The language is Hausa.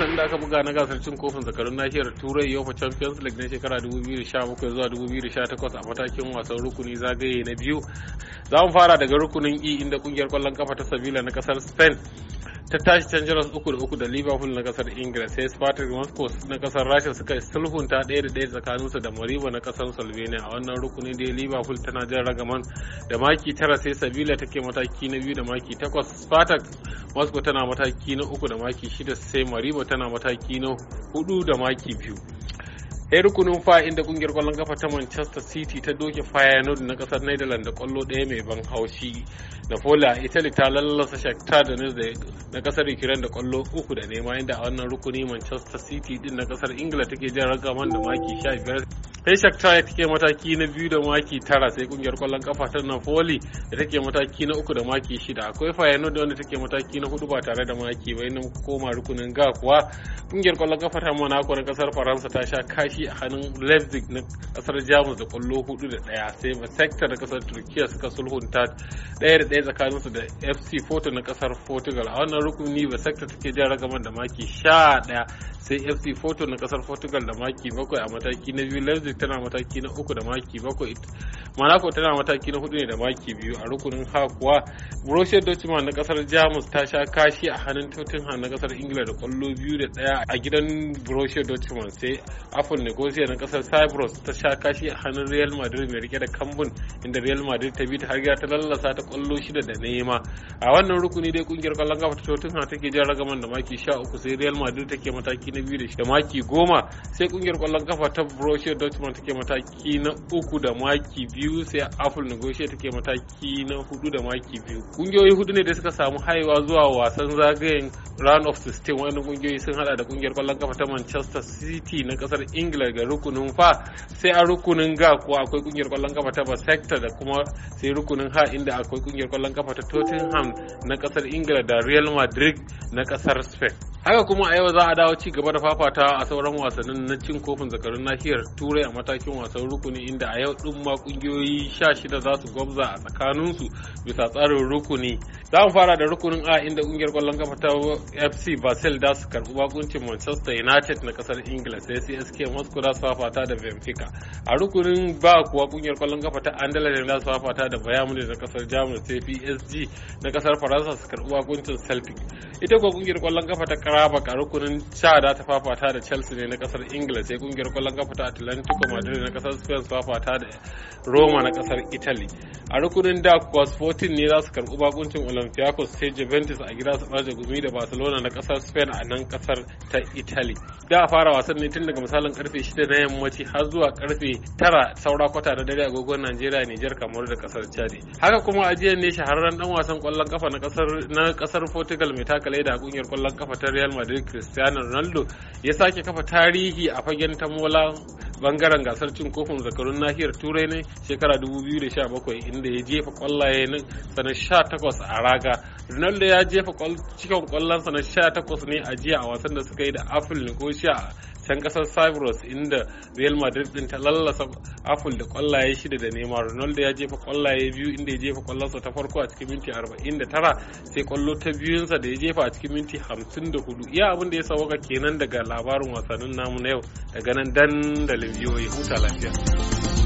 wasannin da aka buga na gasar cin kofin zakarun nahiyar turai yofa champions league na shekara 2017 zuwa 2018 a matakin wasan rukuni zagaye na biyu za mu fara daga rukunin e inda kungiyar kwallon kafa ta sabila na kasar spain ta tashi can jaras uku da uku da liverpool na kasar ingila sai spartak moscow na kasar rasha suka sulhunta ɗaya da ɗaya tsakaninsu da mariba na kasar slovenia a wannan rukuni da liverpool tana jan ragaman da maki tara sai sabila take mataki na biyu da maki takwas spartak moscow tana mataki na uku da maki shida sai mariba tana mataki na hudu da maki biyu sai rukunin fa inda kungiyar kwallon kafa ta manchester city ta doke fayanod na kasar netherlands da kwallo daya mai ban haushi napoli a italy ta lallasa shakta da na kasar ukraine da kwallo uku da nema inda a wannan rukuni manchester city din na kasar ingila take jan ragaman da maki 15 sai shakta ya take mataki na biyu da maki tara sai kungiyar kwallon kafa ta napoli da take mataki na uku da maki shida akwai fayano da wanda take mataki na hudu ba tare da maki ba inda koma rukunin ga kuwa kungiyar kwallon kafa ta monaco na kasar faransa ta sha kashi a hannun leipzig na kasar jamus da kwallo hudu da daya sai sector na kasar turkiya suka sulhunta daya da daya tsakaninsu da fc porto na kasar portugal a wannan rukuni ba sector take jan ragaman da maki sha daya sai fc porto na kasar portugal da maki bakwai a mataki na biyu leipzig tana mataki na uku da maki bakwai monaco tana mataki na hudu ne da maki biyu a rukunin ha kuwa borussia dortmund na kasar jamus ta sha kashi a hannun tottenham na kasar ingila da kwallo biyu da daya a gidan borussia dortmund sai afon negosia na kasar cyprus ta sha kashi a hannun real madrid mai rike da kambun inda real madrid ta bi ta har ta lallasa ta kwallo shida da nema a wannan rukuni dai kungiyar kwallon kafa ta tottenham take jan ragaman da maki sha uku sai real madrid take mataki mataki na biyu da maki goma sai kungiyar kwallon kafa ta Borussia Dortmund take mataki na uku da maki biyu sai Apple Negotia take mataki na hudu da maki biyu kungiyoyi hudu ne da suka samu haiwa zuwa wasan zagayen round of 16 wani kungiyoyi sun hada da kungiyar kwallon kafa ta Manchester City na kasar Ingila ga rukunin fa sai a rukunin ga kuwa akwai kungiyar kwallon kafa ta Basecta da kuma sai rukunin ha inda akwai kungiyar kwallon kafa ta Tottenham na kasar Ingila da Real Madrid na kasar Spain haka kuma a yau za a dawo ci gaba da fafata a sauran wasannin na cin kofin zakarun nahiyar turai a matakin wasan rukuni inda a yau din ma kungiyoyi shida za su gwabza a tsakaninsu bisa tsarin rukuni za mu fara da rukunin a inda kungiyar kwallon kafa ta fc basel da su karbi bakuncin manchester united na kasar ingila sai csk moscow za su fafata da benfica a rukunin ba kuwa kungiyar kwallon kafa ta andala da su fafata da bayamu na kasar jamus sai psg na kasar faransa su karbi wakuncin celtic ita kuwa kungiyar kwallon kafa ta karaba a rukunin sha da ta fafata da chelsea ne na kasar ingila sai kungiyar kwallon kafa ta atlantico madrid na kasar spain su fafata da roma na kasar italy a rukunin da kuwa sporting ne za su karbi bakuncin olympiacos sai juventus a gida su ɓarje gumi da barcelona na kasar spain a nan kasar ta italy da a fara wasan ne tun daga misalin karfe 6 na yammaci har zuwa karfe tara saura kwata na dare agogon Najeriya Nijar kamar da kasar Chad. Haka kuma a jiya ne shahararren dan wasan kwallon kafa na kasar na kasar Portugal mai takalai da kungiyar kwallon kafa ta Real Madrid Cristiano Ronaldo ya sake kafa tarihi a fagen tamola bangaren gasar cin kofin zakarun nahiyar turai ne shekara 2017 inda ya jefa kwallaye na sanar 18 a raga ronaldo ya jefa cikin kwallonsa na 18 ne a jiya a wasan da suka yi da afil nicosia can kasar cyprus inda real madrid din ta lallasa apple da kwallaye shida da nema ronaldo ya jefa kwallaye biyu inda ya jefa kwallonsa ta farko a cikin minti 49 sai kwallo ta biyunsa da ya jefa a cikin minti 54 iya abin da ya sauka kenan daga labarin wasannin namu na yau daga nan dandalin biyoyi huta lafiya